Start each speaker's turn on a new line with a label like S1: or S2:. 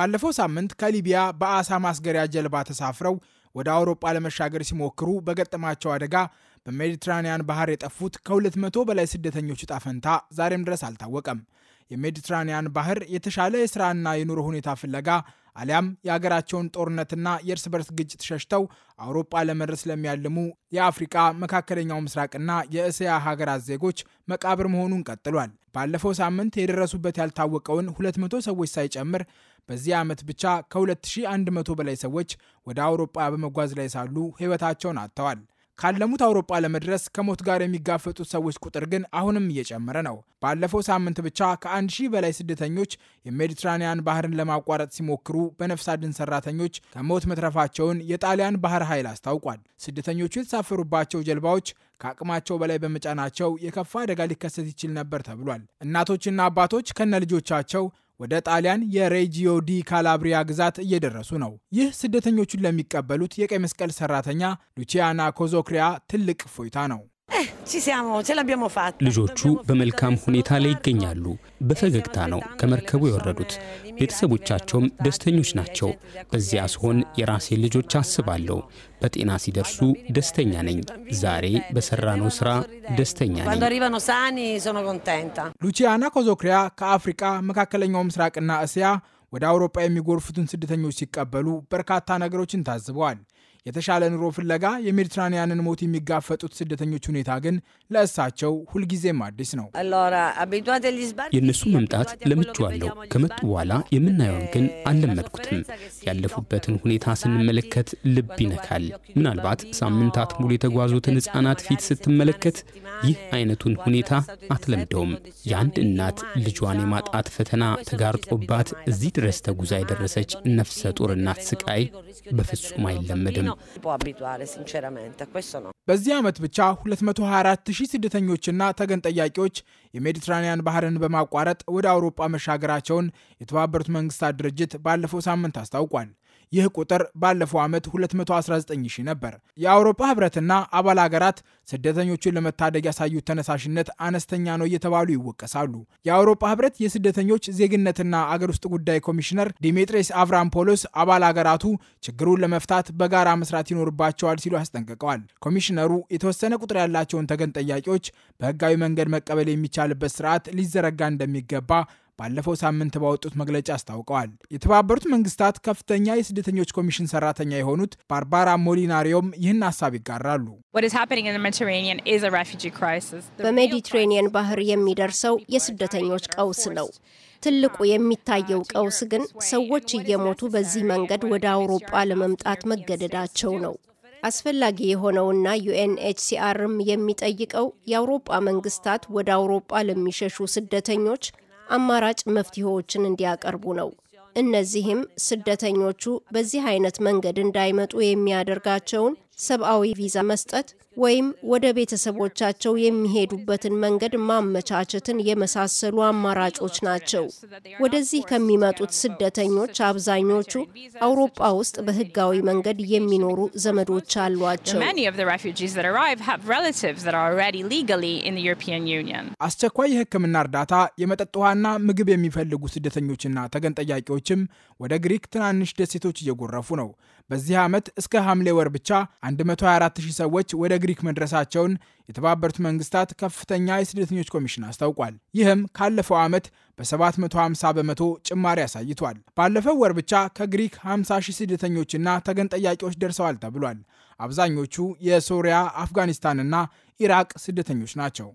S1: ባለፈው ሳምንት ከሊቢያ በአሳ ማስገሪያ ጀልባ ተሳፍረው ወደ አውሮፓ ለመሻገር ሲሞክሩ በገጠማቸው አደጋ በሜዲትራንያን ባህር የጠፉት ከ200 በላይ ስደተኞች ጣፈንታ ፈንታ ዛሬም ድረስ አልታወቀም። የሜዲትራኒያን ባህር የተሻለ የሥራና የኑሮ ሁኔታ ፍለጋ አሊያም የሀገራቸውን ጦርነትና የእርስ በርስ ግጭት ሸሽተው አውሮፓ ለመድረስ ለሚያልሙ የአፍሪቃ መካከለኛው ምስራቅና የእስያ ሀገራት ዜጎች መቃብር መሆኑን ቀጥሏል። ባለፈው ሳምንት የደረሱበት ያልታወቀውን 200 ሰዎች ሳይጨምር በዚህ ዓመት ብቻ ከ2100 በላይ ሰዎች ወደ አውሮፓ በመጓዝ ላይ ሳሉ ሕይወታቸውን አጥተዋል። ካለሙት አውሮፓ ለመድረስ ከሞት ጋር የሚጋፈጡት ሰዎች ቁጥር ግን አሁንም እየጨመረ ነው። ባለፈው ሳምንት ብቻ ከአንድ ሺህ በላይ ስደተኞች የሜዲትራኒያን ባህርን ለማቋረጥ ሲሞክሩ በነፍስ አድን ሰራተኞች ከሞት መትረፋቸውን የጣሊያን ባህር ኃይል አስታውቋል። ስደተኞቹ የተሳፈሩባቸው ጀልባዎች ከአቅማቸው በላይ በመጫናቸው የከፋ አደጋ ሊከሰት ይችል ነበር ተብሏል። እናቶችና አባቶች ከነ ልጆቻቸው ወደ ጣሊያን የሬጂዮ ዲ ካላብሪያ ግዛት እየደረሱ ነው። ይህ ስደተኞቹን ለሚቀበሉት የቀይ መስቀል ሰራተኛ ሉቺያና ኮዞክሪያ ትልቅ እፎይታ ነው።
S2: Eh, ልጆቹ በመልካም ሁኔታ ላይ ይገኛሉ። በፈገግታ ነው ከመርከቡ የወረዱት። ቤተሰቦቻቸውም ደስተኞች ናቸው። በዚያ ስሆን የራሴን ልጆች አስባለሁ። በጤና ሲደርሱ ደስተኛ ነኝ። ዛሬ በሰራነው ስራ ደስተኛ ነኝ።
S1: ሉቺያና ኮዞክሪያ ከአፍሪቃ መካከለኛው ምስራቅና እስያ ወደ አውሮፓ የሚጎርፉትን ስደተኞች ሲቀበሉ በርካታ ነገሮችን ታዝበዋል። የተሻለ ኑሮ ፍለጋ የሜዲትራንያንን ሞት የሚጋፈጡት ስደተኞች ሁኔታ ግን ለእሳቸው ሁልጊዜም አዲስ ነው።
S2: የእነሱ መምጣት ለምቹ አለው ከመጡ በኋላ የምናየውን ግን eh, አልለመድኩትም። ያለፉበትን ሁኔታ ስንመለከት ልብ ይነካል። ምናልባት ሳምንታት ሙሉ የተጓዙትን ሕፃናት ፊት ስትመለከት ይህ e አይነቱን ሁኔታ አትለምደውም። የአንድ እናት ልጇን የማጣት e ፈተና ተጋርጦባት እዚህ ድረስ ተጉዛ የደረሰች ነፍሰ ጡር እናት e ስቃይ በፍጹም አይለመድም። ነው።
S1: በዚህ ዓመት ብቻ 224 ሺህ ስደተኞችና ተገን ጠያቂዎች የሜዲትራኒያን ባህርን በማቋረጥ ወደ አውሮጳ መሻገራቸውን የተባበሩት መንግስታት ድርጅት ባለፈው ሳምንት አስታውቋል። ይህ ቁጥር ባለፈው ዓመት 219 ሺህ ነበር። የአውሮፓ ህብረትና አባል ሀገራት ስደተኞቹን ለመታደግ ያሳዩት ተነሳሽነት አነስተኛ ነው እየተባሉ ይወቀሳሉ። የአውሮፓ ህብረት የስደተኞች ዜግነትና አገር ውስጥ ጉዳይ ኮሚሽነር ዲሜጥሬስ አቭራምፖሎስ አባል ሀገራቱ ችግሩን ለመፍታት በጋራ መስራት ይኖርባቸዋል ሲሉ አስጠንቅቀዋል። ኮሚሽነሩ የተወሰነ ቁጥር ያላቸውን ተገን ጠያቂዎች በህጋዊ መንገድ መቀበል የሚቻልበት ስርዓት ሊዘረጋ እንደሚገባ ባለፈው ሳምንት ባወጡት መግለጫ አስታውቀዋል። የተባበሩት መንግስታት ከፍተኛ የስደተኞች ኮሚሽን ሰራተኛ የሆኑት ባርባራ ሞሊናሪዮም ይህን ሀሳብ ይጋራሉ።
S3: በሜዲትሬኒየን ባህር የሚደርሰው የስደተኞች ቀውስ ነው። ትልቁ የሚታየው ቀውስ ግን ሰዎች እየሞቱ በዚህ መንገድ ወደ አውሮጳ ለመምጣት መገደዳቸው ነው። አስፈላጊ የሆነውና ዩኤንኤችሲአርም የሚጠይቀው የአውሮጳ መንግስታት ወደ አውሮጳ ለሚሸሹ ስደተኞች አማራጭ መፍትሄዎችን እንዲያቀርቡ ነው። እነዚህም ስደተኞቹ በዚህ አይነት መንገድ እንዳይመጡ የሚያደርጋቸውን ሰብአዊ ቪዛ መስጠት፣ ወይም ወደ ቤተሰቦቻቸው የሚሄዱበትን መንገድ ማመቻቸትን የመሳሰሉ አማራጮች ናቸው። ወደዚህ ከሚመጡት ስደተኞች አብዛኞቹ አውሮፓ ውስጥ በህጋዊ መንገድ የሚኖሩ ዘመዶች አሏቸው።
S1: አስቸኳይ የሕክምና እርዳታ፣ የመጠጥ ውሃና ምግብ የሚፈልጉ ስደተኞችና ተገን ጠያቂዎችም ወደ ግሪክ ትናንሽ ደሴቶች እየጎረፉ ነው። በዚህ ዓመት እስከ ሐምሌ ወር ብቻ 124 ሰዎች ወደ ግሪክ ግሪክ መድረሳቸውን የተባበሩት መንግስታት ከፍተኛ የስደተኞች ኮሚሽን አስታውቋል። ይህም ካለፈው ዓመት በ750 በመቶ ጭማሪ አሳይቷል። ባለፈው ወር ብቻ ከግሪክ 50 ሺህ ስደተኞችና ተገን ጠያቂዎች ደርሰዋል ተብሏል። አብዛኞቹ የሶሪያ አፍጋኒስታንና ኢራቅ ስደተኞች ናቸው።